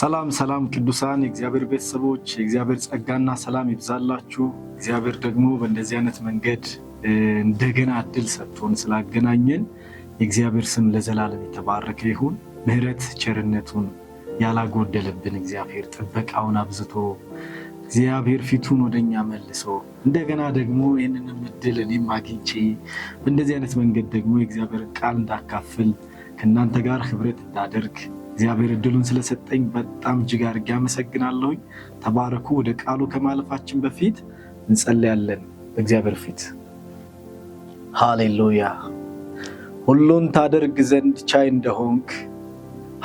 ሰላም ሰላም ቅዱሳን የእግዚአብሔር ቤተሰቦች የእግዚአብሔር ጸጋና ሰላም ይብዛላችሁ። እግዚአብሔር ደግሞ በእንደዚህ አይነት መንገድ እንደገና እድል ሰጥቶን ስላገናኘን የእግዚአብሔር ስም ለዘላለም የተባረከ ይሁን። ምሕረት ቸርነቱን ያላጎደለብን እግዚአብሔር ጥበቃውን አብዝቶ እግዚአብሔር ፊቱን ወደኛ መልሶ እንደገና ደግሞ ይህንንም እድል እኔም አግኝቼ በእንደዚህ አይነት መንገድ ደግሞ የእግዚአብሔር ቃል እንዳካፍል ከእናንተ ጋር ህብረት እንዳደርግ እግዚአብሔር እድሉን ስለሰጠኝ በጣም እጅግ አድርጌ አመሰግናለሁኝ። ተባረኩ። ወደ ቃሉ ከማለፋችን በፊት እንጸለያለን። በእግዚአብሔር ፊት ሃሌሉያ። ሁሉን ታደርግ ዘንድ ቻይ እንደሆንክ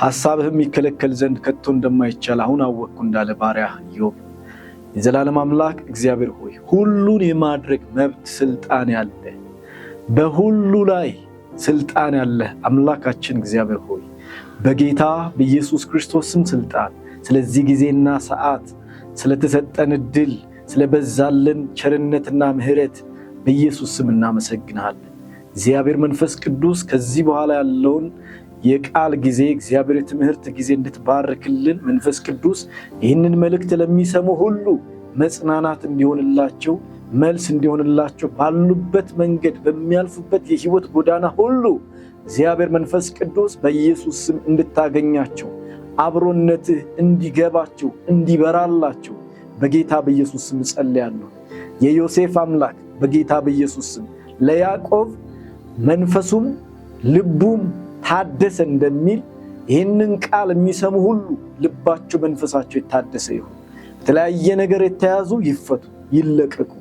ሀሳብህም ይከለከል ዘንድ ከቶ እንደማይቻል አሁን አወቅኩ እንዳለ ባሪያ ኢዮብ የዘላለም አምላክ እግዚአብሔር ሆይ ሁሉን የማድረግ መብት ስልጣን ያለ በሁሉ ላይ ስልጣን ያለ አምላካችን እግዚአብሔር ሆይ በጌታ በኢየሱስ ክርስቶስ ስም ስልጣን ስለዚህ ጊዜና ሰዓት ስለተሰጠን እድል ስለበዛልን ቸርነትና ምሕረት በኢየሱስ ስም እናመሰግናለን። እግዚአብሔር መንፈስ ቅዱስ ከዚህ በኋላ ያለውን የቃል ጊዜ እግዚአብሔር የትምህርት ጊዜ እንድትባርክልን መንፈስ ቅዱስ ይህንን መልእክት ለሚሰሙ ሁሉ መጽናናት እንዲሆንላቸው መልስ እንዲሆንላቸው ባሉበት መንገድ በሚያልፉበት የህይወት ጎዳና ሁሉ እግዚአብሔር መንፈስ ቅዱስ በኢየሱስ ስም እንድታገኛቸው አብሮነትህ እንዲገባቸው እንዲበራላቸው በጌታ በኢየሱስ ስም እጸልያለሁ። የዮሴፍ አምላክ በጌታ በኢየሱስ ስም ለያዕቆብ መንፈሱም ልቡም ታደሰ እንደሚል ይህንን ቃል የሚሰሙ ሁሉ ልባቸው መንፈሳቸው የታደሰ ይሁን። በተለያየ ነገር የተያዙ ይፈቱ፣ ይለቀቁ።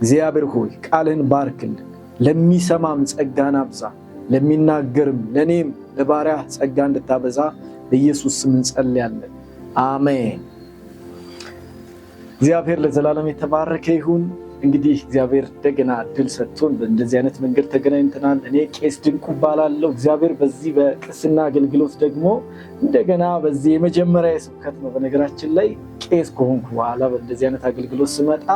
እግዚአብሔር ሆይ ቃልህን ባርክልን፣ ለሚሰማም ጸጋን አብዛ። ለሚናገርም ለእኔም ለባሪያ ጸጋ እንድታበዛ በኢየሱስ ስም እንጸልያለን። አሜን። እግዚአብሔር ለዘላለም የተባረከ ይሁን። እንግዲህ እግዚአብሔር እንደገና እድል ሰጥቶን በእንደዚህ አይነት መንገድ ተገናኝተናል። እኔ ቄስ ድንቁ እባላለሁ። እግዚአብሔር በዚህ በቅስና አገልግሎት ደግሞ እንደገና በዚህ የመጀመሪያ የስብከት ነው። በነገራችን ላይ ቄስ ከሆንኩ በኋላ በእንደዚህ አይነት አገልግሎት ስመጣ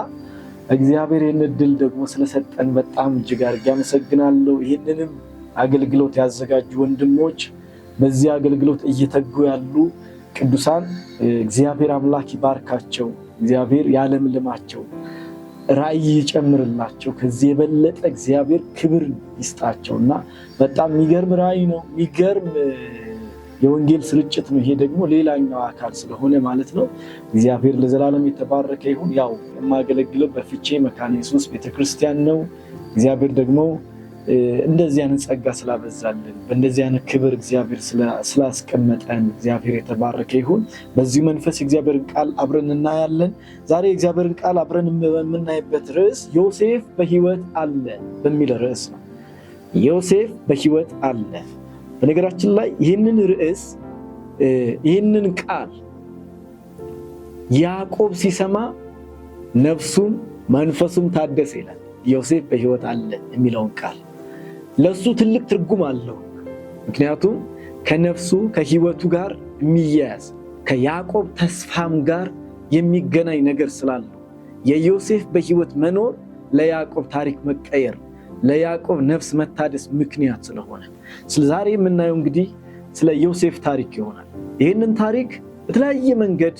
እግዚአብሔር ይህን እድል ደግሞ ስለሰጠን በጣም እጅግ አድርጌ አመሰግናለሁ። ይህንንም አገልግሎት ያዘጋጁ ወንድሞች፣ በዚህ አገልግሎት እየተጉ ያሉ ቅዱሳን እግዚአብሔር አምላክ ይባርካቸው። እግዚአብሔር ያለምልማቸው፣ ራእይ ይጨምርላቸው። ከዚህ የበለጠ እግዚአብሔር ክብር ይስጣቸው እና በጣም የሚገርም ራእይ ነው። የሚገርም የወንጌል ስርጭት ነው። ይሄ ደግሞ ሌላኛው አካል ስለሆነ ማለት ነው። እግዚአብሔር ለዘላለም የተባረከ ይሁን። ያው የማገለግለው በፍቼ መካነ ኢየሱስ ቤተክርስቲያን ነው። እግዚአብሔር ደግሞ እንደዚህ አይነት ጸጋ ስላበዛልን በእንደዚህ አይነት ክብር እግዚአብሔር ስላስቀመጠን እግዚአብሔር የተባረከ ይሁን። በዚሁ መንፈስ እግዚአብሔርን ቃል አብረን እናያለን። ዛሬ የእግዚአብሔርን ቃል አብረን የምናይበት ርዕስ ዮሴፍ በሕይወት አለ በሚል ርዕስ ነው። ዮሴፍ በሕይወት አለ። በነገራችን ላይ ይህንን ርዕስ ይህንን ቃል ያዕቆብ ሲሰማ ነፍሱም መንፈሱም ታደሰ ይላል። ዮሴፍ በሕይወት አለ የሚለውን ቃል ለሱ ትልቅ ትርጉም አለው። ምክንያቱም ከነፍሱ ከህይወቱ ጋር የሚያያዝ ከያዕቆብ ተስፋም ጋር የሚገናኝ ነገር ስላለው የዮሴፍ በህይወት መኖር ለያዕቆብ ታሪክ መቀየር ለያዕቆብ ነፍስ መታደስ ምክንያት ስለሆነ ዛሬ የምናየው እንግዲህ ስለ ዮሴፍ ታሪክ ይሆናል። ይህንን ታሪክ በተለያየ መንገድ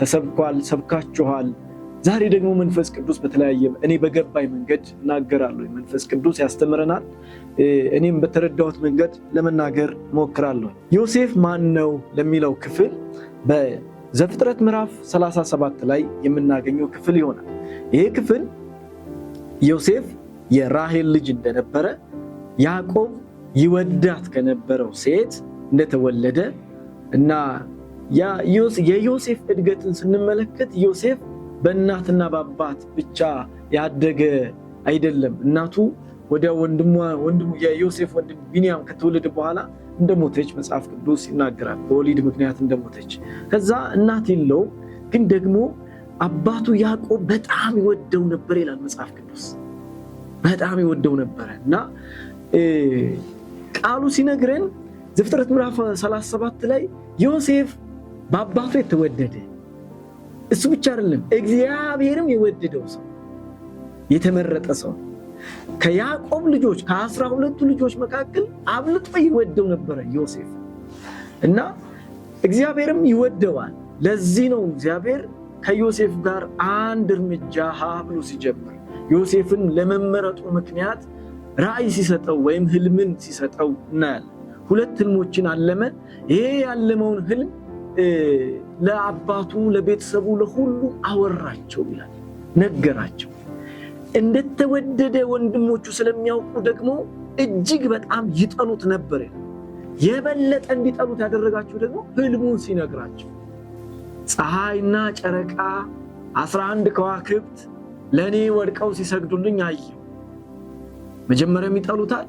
ተሰብኳል፣ ሰብካችኋል ዛሬ ደግሞ መንፈስ ቅዱስ በተለያየ እኔ በገባኝ መንገድ እናገራለሁ። መንፈስ ቅዱስ ያስተምረናል። እኔም በተረዳሁት መንገድ ለመናገር ሞክራለሁ። ዮሴፍ ማን ነው ለሚለው ክፍል በዘፍጥረት ምዕራፍ 37 ላይ የምናገኘው ክፍል ይሆናል። ይሄ ክፍል ዮሴፍ የራሄል ልጅ እንደነበረ ያዕቆብ ይወዳት ከነበረው ሴት እንደተወለደ እና የዮሴፍ እድገትን ስንመለከት ዮሴፍ በእናትና በአባት ብቻ ያደገ አይደለም። እናቱ ወደ ወንድሟ ወንድሙ የዮሴፍ ወንድም ቢንያም ከተወለደ በኋላ እንደሞተች መጽሐፍ ቅዱስ ይናገራል። በወሊድ ምክንያት እንደሞተች። ከዛ እናት የለውም፣ ግን ደግሞ አባቱ ያዕቆብ በጣም ይወደው ነበር ይላል መጽሐፍ ቅዱስ። በጣም ይወደው ነበረ እና ቃሉ ሲነግረን ዘፍጥረት ምዕራፍ 37 ላይ ዮሴፍ በአባቱ የተወደደ እሱ ብቻ አይደለም፣ እግዚአብሔርም የወደደው ሰው የተመረጠ ሰው ከያዕቆብ ልጆች ከአስራ ሁለቱ ልጆች መካከል አብልጦ ይወደው ነበረ ዮሴፍ እና እግዚአብሔርም ይወደዋል። ለዚህ ነው እግዚአብሔር ከዮሴፍ ጋር አንድ እርምጃ ሀ ብሎ ሲጀምር ዮሴፍን ለመመረጡ ምክንያት ራእይ ሲሰጠው ወይም ህልምን ሲሰጠው እናያለን። ሁለት ህልሞችን አለመ። ይሄ ያለመውን ህልም ለአባቱ ለቤተሰቡ ለሁሉ አወራቸው ይላል። ነገራቸው። እንደተወደደ ወንድሞቹ ስለሚያውቁ ደግሞ እጅግ በጣም ይጠሉት ነበር። የበለጠ እንዲጠሉት ያደረጋቸው ደግሞ ህልሙን ሲነግራቸው ፀሐይና ጨረቃ አስራ አንድ ከዋክብት ለእኔ ወድቀው ሲሰግዱልኝ አየሁ። መጀመሪያም ይጠሉታል።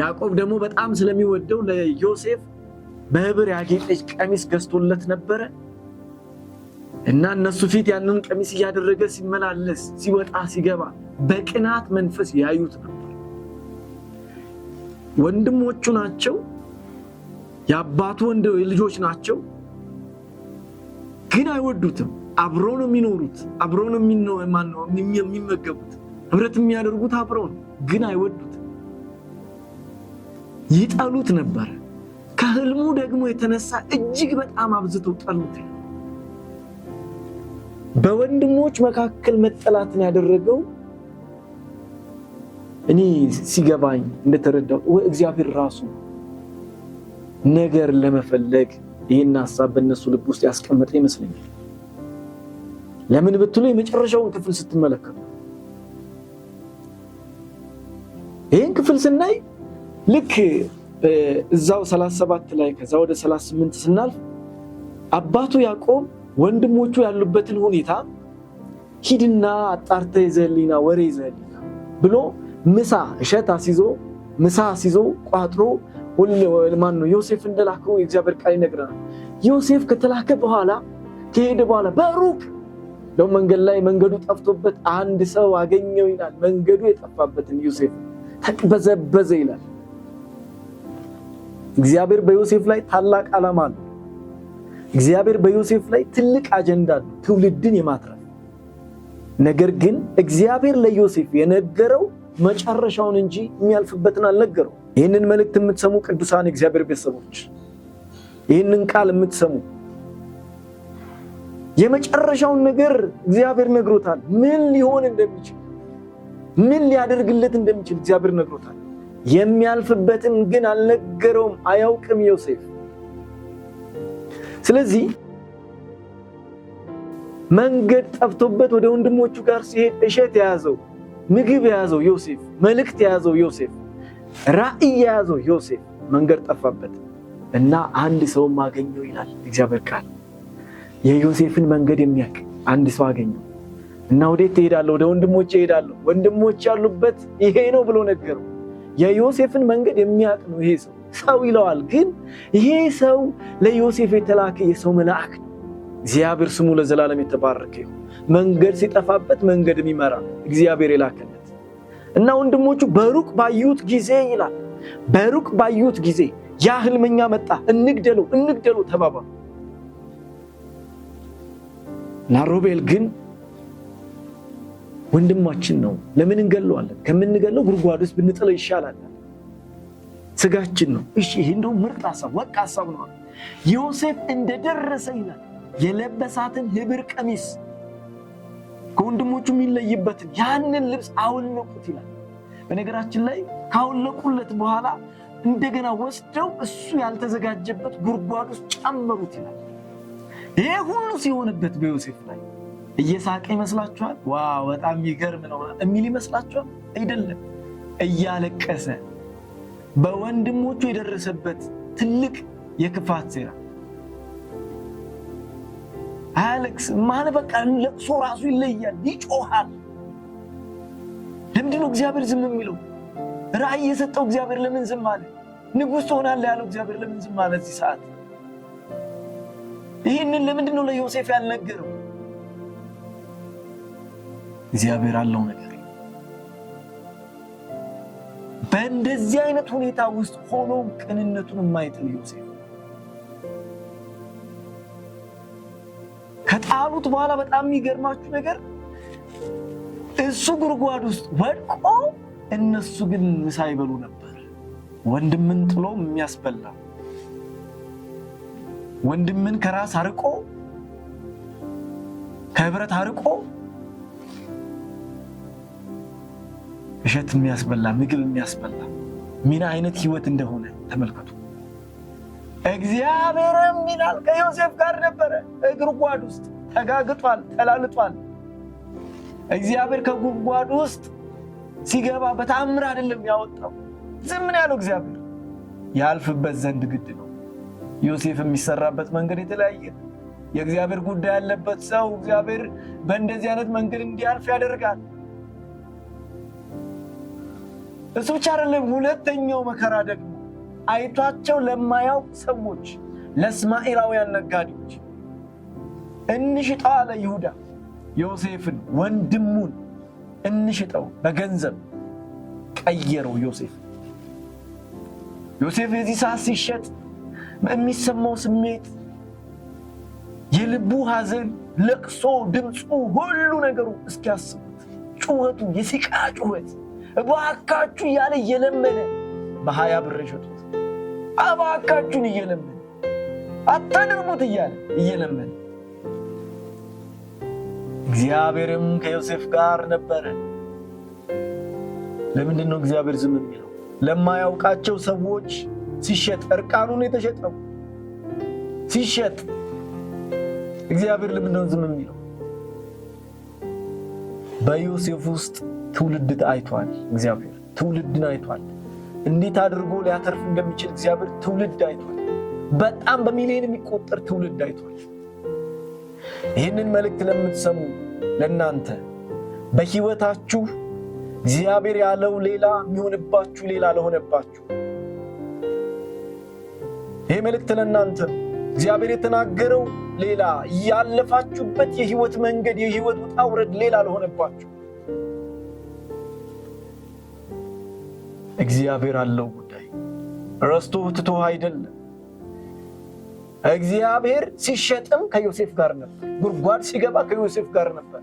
ያዕቆብ ደግሞ በጣም ስለሚወደው ለዮሴፍ በህብር ያጌጠች ቀሚስ ገዝቶለት ነበረ እና እነሱ ፊት ያንን ቀሚስ እያደረገ ሲመላለስ ሲወጣ ሲገባ በቅናት መንፈስ ያዩት ነበር። ወንድሞቹ ናቸው፣ የአባቱ ወንድ ልጆች ናቸው፣ ግን አይወዱትም። አብረው ነው የሚኖሩት፣ አብረው ነው የሚመገቡት፣ ህብረት የሚያደርጉት አብረው ነው፣ ግን አይወዱትም። ይጠሉት ነበር። ከህልሙ ደግሞ የተነሳ እጅግ በጣም አብዝተው ጠሉት። በወንድሞች መካከል መጠላትን ያደረገው እኔ ሲገባኝ እንደተረዳው እግዚአብሔር ራሱ ነገር ለመፈለግ ይህን ሀሳብ በእነሱ ልብ ውስጥ ያስቀመጠ ይመስለኛል። ለምን ብትሉ የመጨረሻውን ክፍል ስትመለከቱ ይህን ክፍል ስናይ ልክ እዛው 37 ላይ ከዛ ወደ 38 ስናልፍ አባቱ ያዕቆብ ወንድሞቹ ያሉበትን ሁኔታ ሂድና አጣርተ ይዘህልኝና ወሬ ይዘህልኝና ብሎ ምሳ እሸት አስይዞ ምሳ አስይዞ ቋጥሮ ማን ነው ዮሴፍ እንደላከው የእግዚአብሔር ቃል ይነግረናል። ዮሴፍ ከተላከ በኋላ ከሄደ በኋላ በሩቅ እንደው መንገድ ላይ መንገዱ ጠፍቶበት አንድ ሰው አገኘው ይላል። መንገዱ የጠፋበትን ዮሴፍ ተቅበዘበዘ ይላል። እግዚአብሔር በዮሴፍ ላይ ታላቅ ዓላማ አለው። እግዚአብሔር በዮሴፍ ላይ ትልቅ አጀንዳ አለው፣ ትውልድን የማትረፍ ነገር ግን እግዚአብሔር ለዮሴፍ የነገረው መጨረሻውን እንጂ የሚያልፍበትን አልነገረው። ይህንን መልእክት የምትሰሙ ቅዱሳን እግዚአብሔር ቤተሰቦች፣ ይህንን ቃል የምትሰሙ የመጨረሻውን ነገር እግዚአብሔር ነግሮታል። ምን ሊሆን እንደሚችል ምን ሊያደርግለት እንደሚችል እግዚአብሔር ነግሮታል። የሚያልፍበትን ግን አልነገረውም፣ አያውቅም ዮሴፍ። ስለዚህ መንገድ ጠፍቶበት ወደ ወንድሞቹ ጋር ሲሄድ እሸት የያዘው ምግብ የያዘው ዮሴፍ፣ መልእክት የያዘው ዮሴፍ፣ ራእይ የያዘው ዮሴፍ መንገድ ጠፋበት እና አንድ ሰውም አገኘው ይላል እግዚአብሔር ቃል። የዮሴፍን መንገድ የሚያውቅ አንድ ሰው አገኘው እና ወዴት ትሄዳለህ? ወደ ወንድሞች እሄዳለሁ፣ ወንድሞች ያሉበት ይሄ ነው ብሎ ነገረው። የዮሴፍን መንገድ የሚያውቅ ነው ይሄ ሰው። ሰው ይለዋል፣ ግን ይሄ ሰው ለዮሴፍ የተላከ የሰው መልአክ ነው። እግዚአብሔር ስሙ ለዘላለም የተባረከ ይሁን። መንገድ ሲጠፋበት መንገድ የሚመራ እግዚአብሔር የላከለት እና ወንድሞቹ በሩቅ ባዩት ጊዜ ይላል፣ በሩቅ ባዩት ጊዜ ያ ህልመኛ መጣ፣ እንግደለው፣ እንግደለው ተባባሉ እና ሮቤል ግን ወንድማችን ነው። ለምን እንገለዋለን? ከምንገለው ጉድጓድ ውስጥ ብንጥለው ይሻላል። ስጋችን ነው። እሺ፣ ይሄ እንደው ምርጥ ሀሳብ፣ ወቅ ሀሳብ ነው። ዮሴፍ እንደደረሰ ይላል የለበሳትን ህብር ቀሚስ ከወንድሞቹ የሚለይበትን ያንን ልብስ አውለቁት ይላል። በነገራችን ላይ ካውለቁለት በኋላ እንደገና ወስደው እሱ ያልተዘጋጀበት ጉድጓድ ውስጥ ጨመሩት ይላል። ይሄ ሁሉ ሲሆንበት በዮሴፍ ላይ እየሳቀ ይመስላችኋል? ዋ በጣም የሚገርም ነው የሚል ይመስላችኋል? አይደለም። እያለቀሰ በወንድሞቹ የደረሰበት ትልቅ የክፋት ሴራ አያለቅስ ማለ በቃ ለቅሶ ራሱ ይለያል፣ ይጮሃል። ለምንድነው እግዚአብሔር ዝም የሚለው? ራእይ የሰጠው እግዚአብሔር ለምን ዝም አለ? ንጉሥ ትሆናለህ ያለው እግዚአብሔር ለምን ዝም አለ? እዚህ ሰዓት ይህንን ለምንድነው ለዮሴፍ ያልነገረው? እግዚአብሔር አለው ነገር። በእንደዚህ አይነት ሁኔታ ውስጥ ሆኖ ቅንነቱን የማይጥል ዮሴፍ ከጣሉት በኋላ በጣም የሚገርማችሁ ነገር እሱ ጉድጓድ ውስጥ ወድቆ እነሱ ግን ምሳ ይበሉ ነበር። ወንድምን ጥሎ የሚያስበላ ወንድምን ከራስ አርቆ ከህብረት አርቆ እሸት የሚያስበላ ምግብ የሚያስበላ ምን አይነት ህይወት እንደሆነ ተመልከቱ። እግዚአብሔርም ይላል ከዮሴፍ ጋር ነበረ፣ እግር ጓድ ውስጥ ተጋግጧል፣ ተላልጧል። እግዚአብሔር ከጉድጓድ ውስጥ ሲገባ በተአምር አይደለም ያወጣው። ዝም ምን ያለው እግዚአብሔር ያልፍበት ዘንድ ግድ ነው። ዮሴፍ የሚሰራበት መንገድ የተለያየ የእግዚአብሔር ጉዳይ ያለበት ሰው እግዚአብሔር በእንደዚህ አይነት መንገድ እንዲያልፍ ያደርጋል። እሱ ብቻ አይደለም። ሁለተኛው መከራ ደግሞ አይቷቸው ለማያውቅ ሰዎች፣ ለእስማኤላውያን ነጋዴዎች እንሽጠው አለ ይሁዳ ዮሴፍን ወንድሙን እንሽጠው በገንዘብ ቀየረው። ዮሴፍ ዮሴፍ የዚህ ሰዓት ሲሸጥ የሚሰማው ስሜት የልቡ ሐዘን፣ ለቅሶ፣ ድምፁ፣ ሁሉ ነገሩ እስኪያስቡት ጩኸቱ፣ የሲቃ ጩኸት እባካችሁ እያለ እየለመነ በሀያ ብር ሸጡት። እባካችሁን እየለመነ አታደርሙት እያለ እየለመነ እግዚአብሔርም ከዮሴፍ ጋር ነበረ። ለምንድን ነው እግዚአብሔር ዝም የሚለው? ለማያውቃቸው ሰዎች ሲሸጥ እርቃኑን የተሸጠው ሲሸጥ እግዚአብሔር ለምንድን ነው ዝም የሚለው? በዮሴፍ ውስጥ ትውልድ አይቷል። እግዚአብሔር ትውልድን አይቷል። እንዴት አድርጎ ሊያተርፍ እንደሚችል እግዚአብሔር ትውልድ አይቷል። በጣም በሚሊዮን የሚቆጠር ትውልድ አይቷል። ይህንን መልእክት ለምትሰሙ ለእናንተ በሕይወታችሁ እግዚአብሔር ያለው ሌላ የሚሆንባችሁ ሌላ ለሆነባችሁ ይህ መልእክት ለእናንተ እግዚአብሔር የተናገረው ሌላ ያለፋችሁበት የህይወት መንገድ የህይወት ውጣ ውረድ ሌላ ለሆነባችሁ እግዚአብሔር አለው ጉዳይ ረስቶ ትቶ አይደለም። እግዚአብሔር ሲሸጥም ከዮሴፍ ጋር ነበር። ጉድጓድ ሲገባ ከዮሴፍ ጋር ነበር።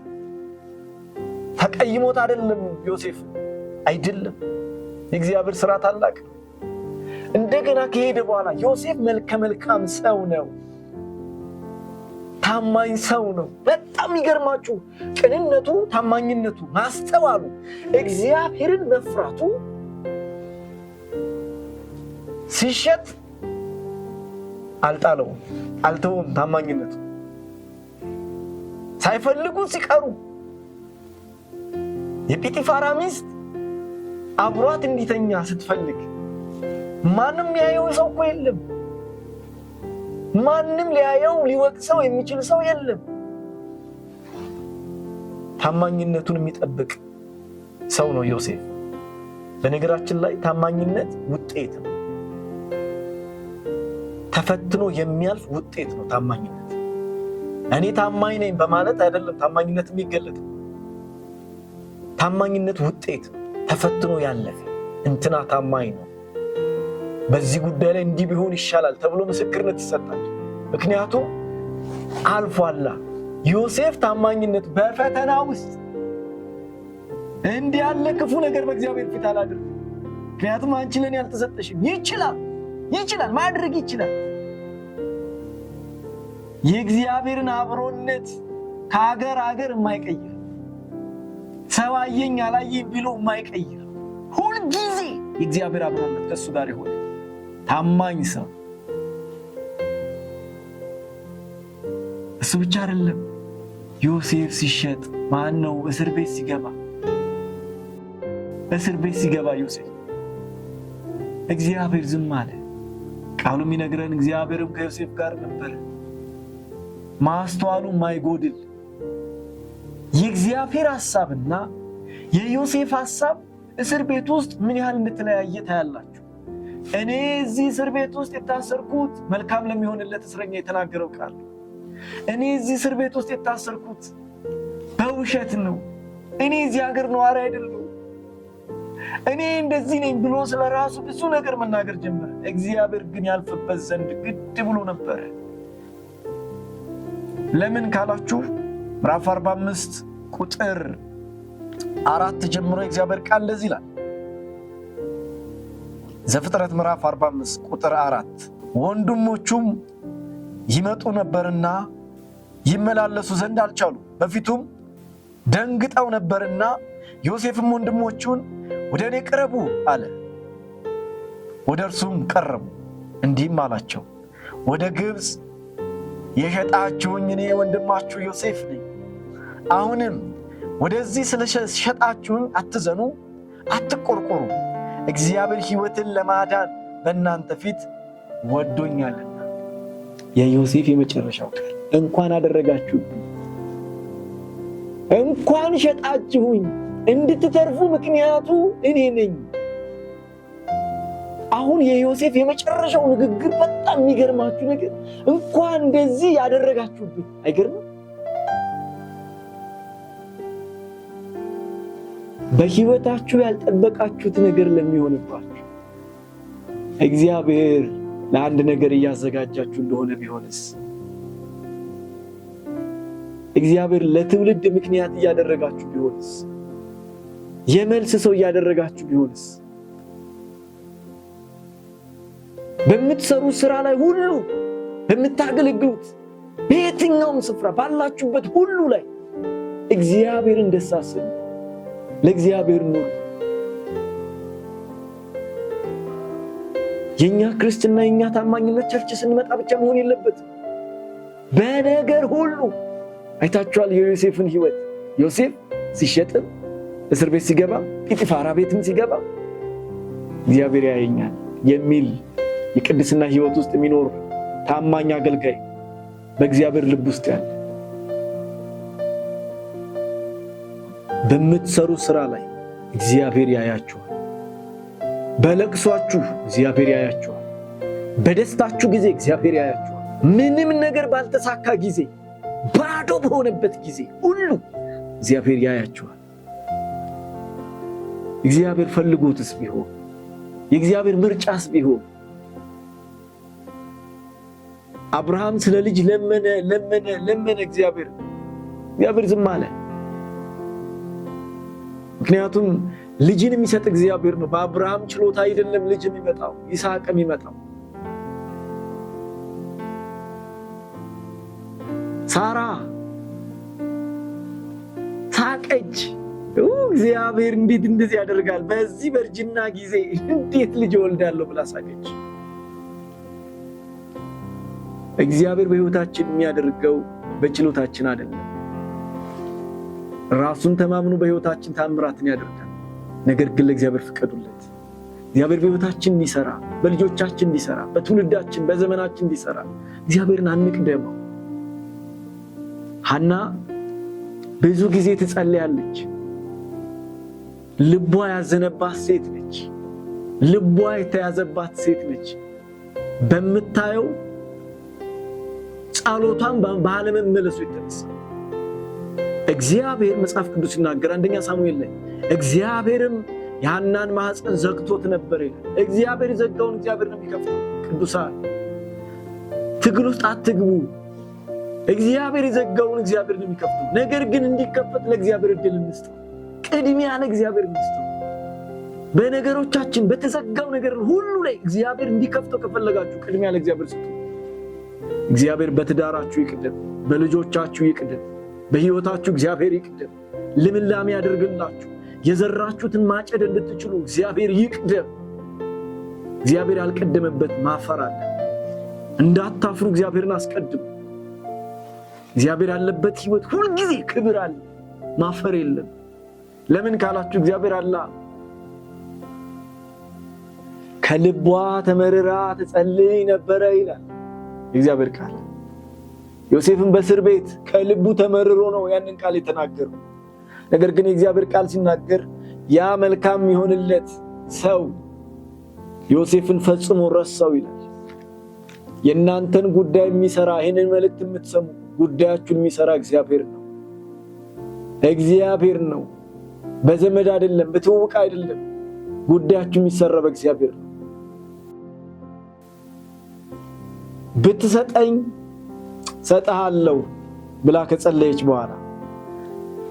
ተቀይሞት አይደለም ዮሴፍ አይደለም። የእግዚአብሔር ስራ ታላቅ። እንደገና ከሄደ በኋላ ዮሴፍ መልከ መልካም ሰው ነው። ታማኝ ሰው ነው። በጣም ይገርማችሁ፣ ቅንነቱ፣ ታማኝነቱ፣ ማስተዋሉ፣ እግዚአብሔርን መፍራቱ ሲሸጥ አልጣለውም፣ አልተውም። ታማኝነቱ ሳይፈልጉት ሲቀሩ የጲጢፋራ ሚስት አብሯት እንዲተኛ ስትፈልግ ማንም ሊያየው ሰው እኮ የለም። ማንም ሊያየው ሊወቅሰው የሚችል ሰው የለም። ታማኝነቱን የሚጠብቅ ሰው ነው ዮሴፍ። በነገራችን ላይ ታማኝነት ውጤት ነው። ተፈትኖ የሚያልፍ ውጤት ነው ታማኝነት። እኔ ታማኝ ነኝ በማለት አይደለም ታማኝነት የሚገለጥ ታማኝነት ውጤት ተፈትኖ ያለፈ እንትና ታማኝ ነው፣ በዚህ ጉዳይ ላይ እንዲህ ቢሆን ይሻላል ተብሎ ምስክርነት ይሰጣል። ምክንያቱም አልፏላ። ዮሴፍ ታማኝነት በፈተና ውስጥ እንዲህ ያለ ክፉ ነገር በእግዚአብሔር ፊት አላደርግም፣ ምክንያቱም አንቺ ለእኔ አልተሰጠሽም። ይችላል ይችላል ማድረግ ይችላል። የእግዚአብሔርን አብሮነት ከሀገር ሀገር የማይቀይር ሰው አየኝ አላየኝ ብሎ የማይቀይር ሁልጊዜ የእግዚአብሔር አብሮነት ከእሱ ጋር የሆነ ታማኝ ሰው። እሱ ብቻ አይደለም። ዮሴፍ ሲሸጥ ማን ነው? እስር ቤት ሲገባ እስር ቤት ሲገባ ዮሴፍ እግዚአብሔር ዝም አለ። ቃሉ የሚነግረን እግዚአብሔርም ከዮሴፍ ጋር ነበረ። ማስተዋሉ ማይጎድል የእግዚአብሔር ሐሳብና የዮሴፍ ሐሳብ እስር ቤት ውስጥ ምን ያህል እንደተለያየ ታያላችሁ። እኔ እዚህ እስር ቤት ውስጥ የታሰርኩት መልካም ለሚሆንለት እስረኛ የተናገረው ቃል፣ እኔ እዚህ እስር ቤት ውስጥ የታሰርኩት በውሸት ነው፣ እኔ እዚህ ሀገር ነዋሪ አይደለሁ፣ እኔ እንደዚህ ነኝ ብሎ ስለ ራሱ ብዙ ነገር መናገር ጀመረ። እግዚአብሔር ግን ያልፍበት ዘንድ ግድ ብሎ ነበረ። ለምን ካላችሁ ምዕራፍ 45 ቁጥር አራት ጀምሮ የእግዚአብሔር ቃል እንደዚህ ይላል። ዘፍጥረት ምዕራፍ 45 ቁጥር አራት ወንድሞቹም ይመጡ ነበርና ይመላለሱ ዘንድ አልቻሉ፣ በፊቱም ደንግጠው ነበርና ዮሴፍም ወንድሞቹን ወደ እኔ ቅረቡ አለ። ወደ እርሱም ቀረቡ፣ እንዲህም አላቸው ወደ ግብፅ የሸጣችሁኝ እኔ ወንድማችሁ ዮሴፍ ነኝ። አሁንም ወደዚህ ስለሸጣችሁኝ አትዘኑ፣ አትቆርቆሩ። እግዚአብሔር ሕይወትን ለማዳን በእናንተ ፊት ወዶኛልና። የዮሴፍ የመጨረሻው ቃል እንኳን አደረጋችሁ፣ እንኳን ሸጣችሁኝ፣ እንድትተርፉ ምክንያቱ እኔ ነኝ። አሁን የዮሴፍ የመጨረሻው ንግግር በጣም የሚገርማችሁ ነገር እንኳን እንደዚህ ያደረጋችሁብኝ አይገርምም? በህይወታችሁ ያልጠበቃችሁት ነገር ለሚሆንባችሁ እግዚአብሔር ለአንድ ነገር እያዘጋጃችሁ እንደሆነ ቢሆንስ? እግዚአብሔር ለትውልድ ምክንያት እያደረጋችሁ ቢሆንስ? የመልስ ሰው እያደረጋችሁ ቢሆንስ? በምትሰሩት ስራ ላይ ሁሉ፣ በምታገለግሉት በየትኛውም ስፍራ ባላችሁበት ሁሉ ላይ እግዚአብሔርን ደስ አሰኙ። ለእግዚአብሔር ኑሩ። የእኛ ክርስትና የእኛ ታማኝነት ቸርች ስንመጣ ብቻ መሆን የለበትም። በነገር ሁሉ አይታችኋል የዮሴፍን ህይወት ዮሴፍ ሲሸጥም እስር ቤት ሲገባም ጲጢፋራ ቤትም ሲገባ እግዚአብሔር ያየኛል የሚል የቅድስና ህይወት ውስጥ የሚኖር ታማኝ አገልጋይ በእግዚአብሔር ልብ ውስጥ ያለ በምትሰሩ ስራ ላይ እግዚአብሔር ያያችኋል። በለቅሷችሁ እግዚአብሔር ያያችኋል። በደስታችሁ ጊዜ እግዚአብሔር ያያችኋል። ምንም ነገር ባልተሳካ ጊዜ፣ ባዶ በሆነበት ጊዜ ሁሉ እግዚአብሔር ያያችኋል። እግዚአብሔር ፈልጎትስ ቢሆን የእግዚአብሔር ምርጫስ ቢሆን አብርሃም ስለ ልጅ ለመነ ለመነ ለመነ። እግዚአብሔር እግዚአብሔር ዝም አለ። ምክንያቱም ልጅን የሚሰጥ እግዚአብሔር ነው። በአብርሃም ችሎታ አይደለም ልጅ የሚመጣው ይስሐቅ የሚመጣው። ሳራ ሳቀች። እግዚአብሔር እንዴት እንደዚህ ያደርጋል? በዚህ በእርጅና ጊዜ እንዴት ልጅ እወልዳለሁ ብላ ሳቀች። እግዚአብሔር በሕይወታችን የሚያደርገው በችሎታችን አይደለም። ራሱን ተማምኖ በሕይወታችን ታምራትን ያደርጋል። ነገር ግን ለእግዚአብሔር ፍቀዱለት። እግዚአብሔር በሕይወታችን እንዲሰራ፣ በልጆቻችን እንዲሰራ፣ በትውልዳችን በዘመናችን እንዲሰራ እግዚአብሔርን አንቅደመው። ሐና ብዙ ጊዜ ትጸልያለች። ልቧ ያዘነባት ሴት ነች። ልቧ የተያዘባት ሴት ነች። በምታየው ጸሎቷን ባለመመለሱ የተነሳ እግዚአብሔር መጽሐፍ ቅዱስ ይናገር አንደኛ ሳሙኤል ላይ እግዚአብሔርም ያናን ማህፀን ዘግቶት ነበር ይላል። እግዚአብሔር ዘጋውን እግዚአብሔር ነው የሚከፍተው። ቅዱሳን ትግል ውስጥ አትግቡ። እግዚአብሔር የዘጋውን እግዚአብሔር ነው የሚከፍተው። ነገር ግን እንዲከፈት ለእግዚአብሔር እድል እንስጠው። ቅድሚያ ለእግዚአብሔር እንስጠው። በነገሮቻችን በተዘጋው ነገር ሁሉ ላይ እግዚአብሔር እንዲከፍተው ከፈለጋችሁ ቅድሚያ ለእግዚአብሔር ስጡ። እግዚአብሔር በትዳራችሁ ይቅደም፣ በልጆቻችሁ ይቅደም፣ በሕይወታችሁ እግዚአብሔር ይቅደም፣ ልምላሜ ያደርግላችሁ። የዘራችሁትን ማጨድ እንድትችሉ እግዚአብሔር ይቅደም። እግዚአብሔር ያልቀደመበት ማፈር አለ። እንዳታፍሩ እግዚአብሔርን አስቀድሙ። እግዚአብሔር ያለበት ሕይወት ሁልጊዜ ክብር አለ፣ ማፈር የለም። ለምን ካላችሁ እግዚአብሔር አላ ከልቧ ተመርራ ትጸልይ ነበረ ይላል። የእግዚአብሔር ቃል ዮሴፍን በእስር ቤት ከልቡ ተመርሮ ነው ያንን ቃል የተናገረው። ነገር ግን የእግዚአብሔር ቃል ሲናገር ያ መልካም የሆንለት ሰው ዮሴፍን ፈጽሞ ረሳው ይላል። የእናንተን ጉዳይ የሚሰራ ይህንን መልእክት የምትሰሙ ጉዳያችሁን የሚሰራ እግዚአብሔር ነው። እግዚአብሔር ነው። በዘመድ አይደለም፣ በትውውቅ አይደለም። ጉዳያችሁ የሚሰራ በእግዚአብሔር ነው። ብትሰጠኝ ሰጠሃለው ብላ ከጸለየች በኋላ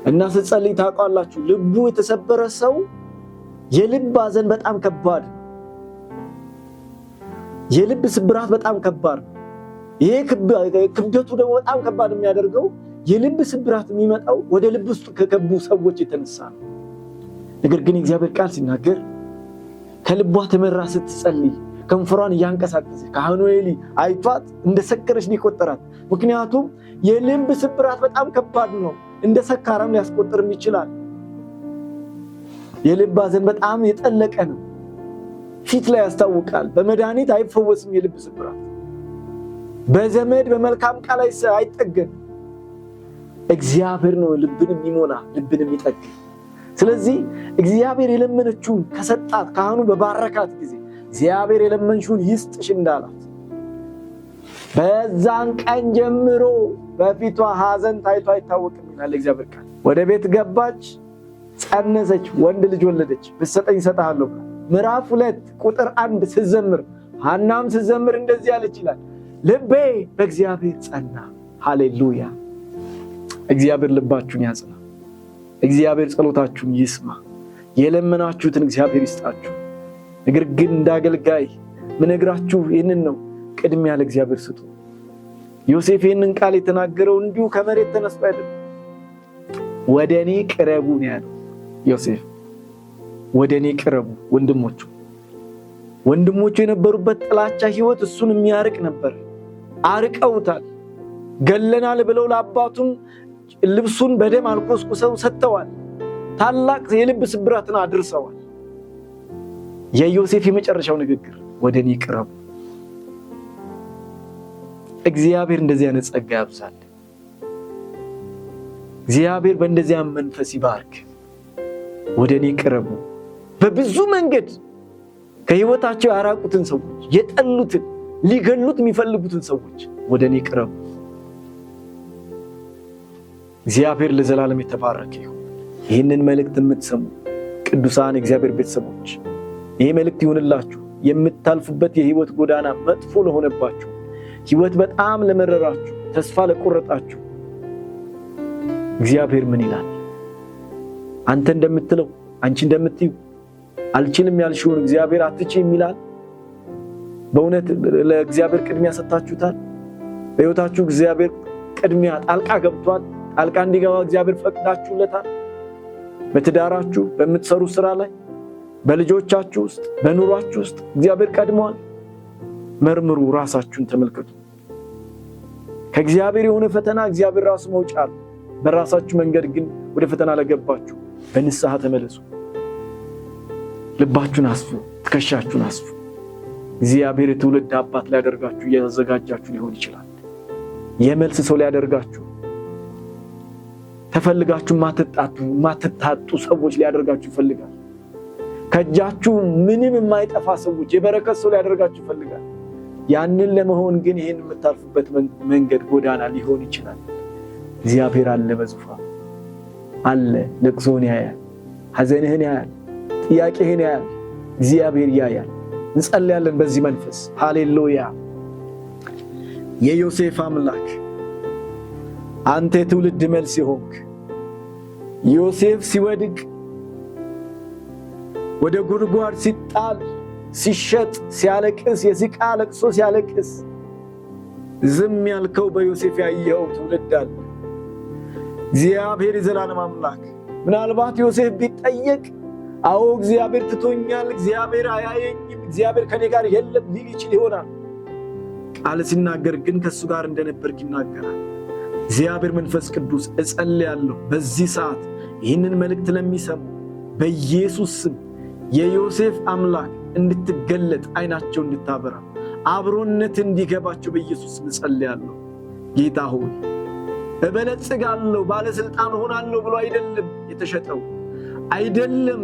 እና ስትጸልይ ታውቃላችሁ፣ ልቡ የተሰበረ ሰው የልብ ሐዘን በጣም ከባድ ነው። የልብ ስብራት በጣም ከባድ ነው። ይሄ ክብደቱ ደግሞ በጣም ከባድ የሚያደርገው የልብ ስብራት የሚመጣው ወደ ልብ ውስጥ ከገቡ ሰዎች የተነሳ ነው። ነገር ግን የእግዚአብሔር ቃል ሲናገር ከልቧ ተመራ ስትጸልይ ከንፈሯን እያንቀሳቀሰ ካህኑ ኤሊ አይቷት እንደሰከረች ነው ይቆጠራት። ምክንያቱም የልብ ስብራት በጣም ከባድ ነው፣ እንደ ሰካራም ሊያስቆጥርም ይችላል። የልብ ሐዘን በጣም የጠለቀ ነው፣ ፊት ላይ ያስታውቃል። በመድኃኒት አይፈወስም የልብ ስብራት፣ በዘመድ በመልካም ቃል አይጠገን። እግዚአብሔር ነው ልብን የሚሞላ ልብን የሚጠግን። ስለዚህ እግዚአብሔር የለመነችውን ከሰጣት ካህኑ በባረካት ጊዜ እግዚአብሔር የለመንሽውን ይስጥሽ እንዳላት በዛን ቀን ጀምሮ በፊቷ ሐዘን ታይቶ አይታወቅም ይላል እግዚአብሔር ቃል። ወደ ቤት ገባች፣ ጸነሰች፣ ወንድ ልጅ ወለደች። ብትሰጠኝ እሰጥሃለሁ። ምዕራፍ ሁለት ቁጥር አንድ ስትዘምር ሐናም ስትዘምር እንደዚህ ያለች ይላል፣ ልቤ በእግዚአብሔር ጸና። ሃሌሉያ! እግዚአብሔር ልባችሁን ያጽና። እግዚአብሔር ጸሎታችሁን ይስማ። የለመናችሁትን እግዚአብሔር ይስጣችሁ። ነገር ግን አገልጋይ ምነግራችሁ ይህንን ነው፣ ቅድሚያ ለእግዚአብሔር ስጡ። ዮሴፍ ይህንን ቃል የተናገረው እንዲሁ ከመሬት ተነስቶ አይደለም። ወደ እኔ ቅረቡ ነው ያለው ዮሴፍ። ወደ እኔ ቅረቡ ወንድሞቹ። ወንድሞቹ የነበሩበት ጥላቻ ህይወት እሱን የሚያርቅ ነበር። አርቀውታል። ገለናል ብለው ለአባቱም ልብሱን በደም አልቆስቁሰው ሰጥተዋል። ታላቅ የልብ ስብራትን አድርሰዋል። የዮሴፍ የመጨረሻው ንግግር ወደ እኔ ቅረቡ። እግዚአብሔር እንደዚህ አይነት ጸጋ ያብዛል። እግዚአብሔር በእንደዚያ መንፈስ ይባርክ። ወደ እኔ ቅረቡ። በብዙ መንገድ ከህይወታቸው ያራቁትን ሰዎች፣ የጠሉትን፣ ሊገሉት የሚፈልጉትን ሰዎች ወደ እኔ ቅረቡ። እግዚአብሔር ለዘላለም የተባረከ ይሁን። ይህንን መልእክት የምትሰሙ ቅዱሳን እግዚአብሔር ቤተሰቦች ይሄ መልእክት ይሁንላችሁ። የምታልፉበት የህይወት ጎዳና መጥፎ ለሆነባችሁ፣ ህይወት በጣም ለመረራችሁ፣ ተስፋ ለቆረጣችሁ እግዚአብሔር ምን ይላል? አንተ እንደምትለው አንቺ እንደምትዩ አልችልም ያልሽውን እግዚአብሔር አትች የሚላል በእውነት ለእግዚአብሔር ቅድሚያ ሰጥታችሁታል? በህይወታችሁ እግዚአብሔር ቅድሚያ ጣልቃ ገብቷል? ጣልቃ እንዲገባ እግዚአብሔር ፈቅዳችሁለታል? በትዳራችሁ፣ በምትሰሩ ስራ ላይ በልጆቻችሁ ውስጥ በኑሯችሁ ውስጥ እግዚአብሔር ቀድሟል? መርምሩ፣ ራሳችሁን ተመልከቱ። ከእግዚአብሔር የሆነ ፈተና እግዚአብሔር ራሱ መውጫ አለ። በራሳችሁ መንገድ ግን ወደ ፈተና ለገባችሁ በንስሐ ተመለሱ። ልባችሁን አስፉ፣ ትከሻችሁን አስፉ። እግዚአብሔር የትውልድ አባት ሊያደርጋችሁ እያዘጋጃችሁ ሊሆን ይችላል። የመልስ ሰው ሊያደርጋችሁ ተፈልጋችሁ ማትጣጡ ማትታጡ ሰዎች ሊያደርጋችሁ ይፈልጋል። ከእጃችሁ ምንም የማይጠፋ ሰዎች የበረከት ሰው ሊያደርጋችሁ ይፈልጋል። ያንን ለመሆን ግን ይህን የምታልፉበት መንገድ ጎዳና ሊሆን ይችላል። እግዚአብሔር አለ፣ በዙፋን አለ። ለቅሶን ያያል፣ ሐዘንህን ያያል፣ ጥያቄህን ያያል። እግዚአብሔር ያያል። እንጸልያለን በዚህ መንፈስ ሃሌሉያ። የዮሴፍ አምላክ አንተ የትውልድ መልስ የሆንክ ዮሴፍ ሲወድቅ ወደ ጉድጓድ ሲጣል ሲሸጥ ሲያለቅስ የዚቃ ለቅሶ ሲያለቅስ ዝም ያልከው በዮሴፍ ያየኸው ትውልድ አለ። እግዚአብሔር የዘላለም አምላክ ምናልባት ዮሴፍ ቢጠየቅ አዎ እግዚአብሔር ትቶኛል፣ እግዚአብሔር አያየኝም፣ እግዚአብሔር ከኔ ጋር የለም ሊል ይችል ይሆናል። ቃል ሲናገር ግን ከእሱ ጋር እንደነበርክ ይናገራል። እግዚአብሔር መንፈስ ቅዱስ እጸልያለሁ በዚህ ሰዓት ይህንን መልእክት ለሚሰሙ በኢየሱስ ስም የዮሴፍ አምላክ እንድትገለጥ አይናቸው እንድታበራ አብሮነት እንዲገባቸው በኢየሱስ እጸልያለሁ። ጌታ ሆይ እበለጽጋለሁ ባለሥልጣን ሆናለሁ ብሎ አይደለም የተሸጠው፣ አይደለም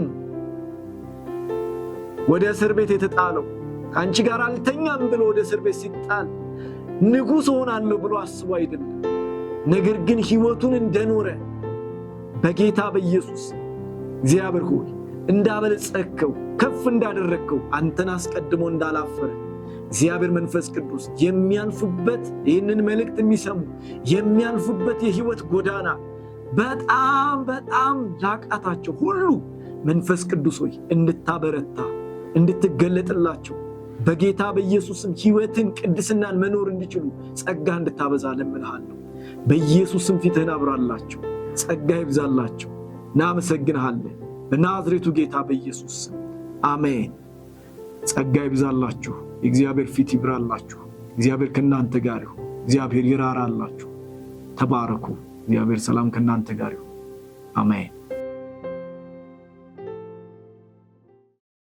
ወደ እስር ቤት የተጣለው። ከአንቺ ጋር አልተኛም ብሎ ወደ እስር ቤት ሲጣል ንጉሥ ሆናለሁ ብሎ አስቦ አይደለም። ነገር ግን ሕይወቱን እንደኖረ በጌታ በኢየሱስ እግዚአብሔር ሆይ እንዳበለጸከው ከፍ እንዳደረግከው አንተን አስቀድሞ እንዳላፈረ እግዚአብሔር መንፈስ ቅዱስ የሚያልፉበት ይህንን መልእክት የሚሰሙ የሚያልፉበት የህይወት ጎዳና በጣም በጣም ላቃታቸው ሁሉ መንፈስ ቅዱስ ሆይ እንድታበረታ እንድትገለጥላቸው በጌታ በኢየሱስም ህይወትን ቅድስናን መኖር እንዲችሉ ጸጋ እንድታበዛ ለምንሃለሁ። በኢየሱስም ፊትህን አብራላቸው፣ ጸጋ ይብዛላቸው። እናመሰግንሃለን። በናዝሬቱ ጌታ በኢየሱስ አሜን። ጸጋ ይብዛላችሁ። የእግዚአብሔር ፊት ይብራላችሁ። እግዚአብሔር ከእናንተ ጋር ይሁን። እግዚአብሔር ይራራላችሁ። ተባረኩ። እግዚአብሔር ሰላም ከእናንተ ጋር ይሁን። አሜን።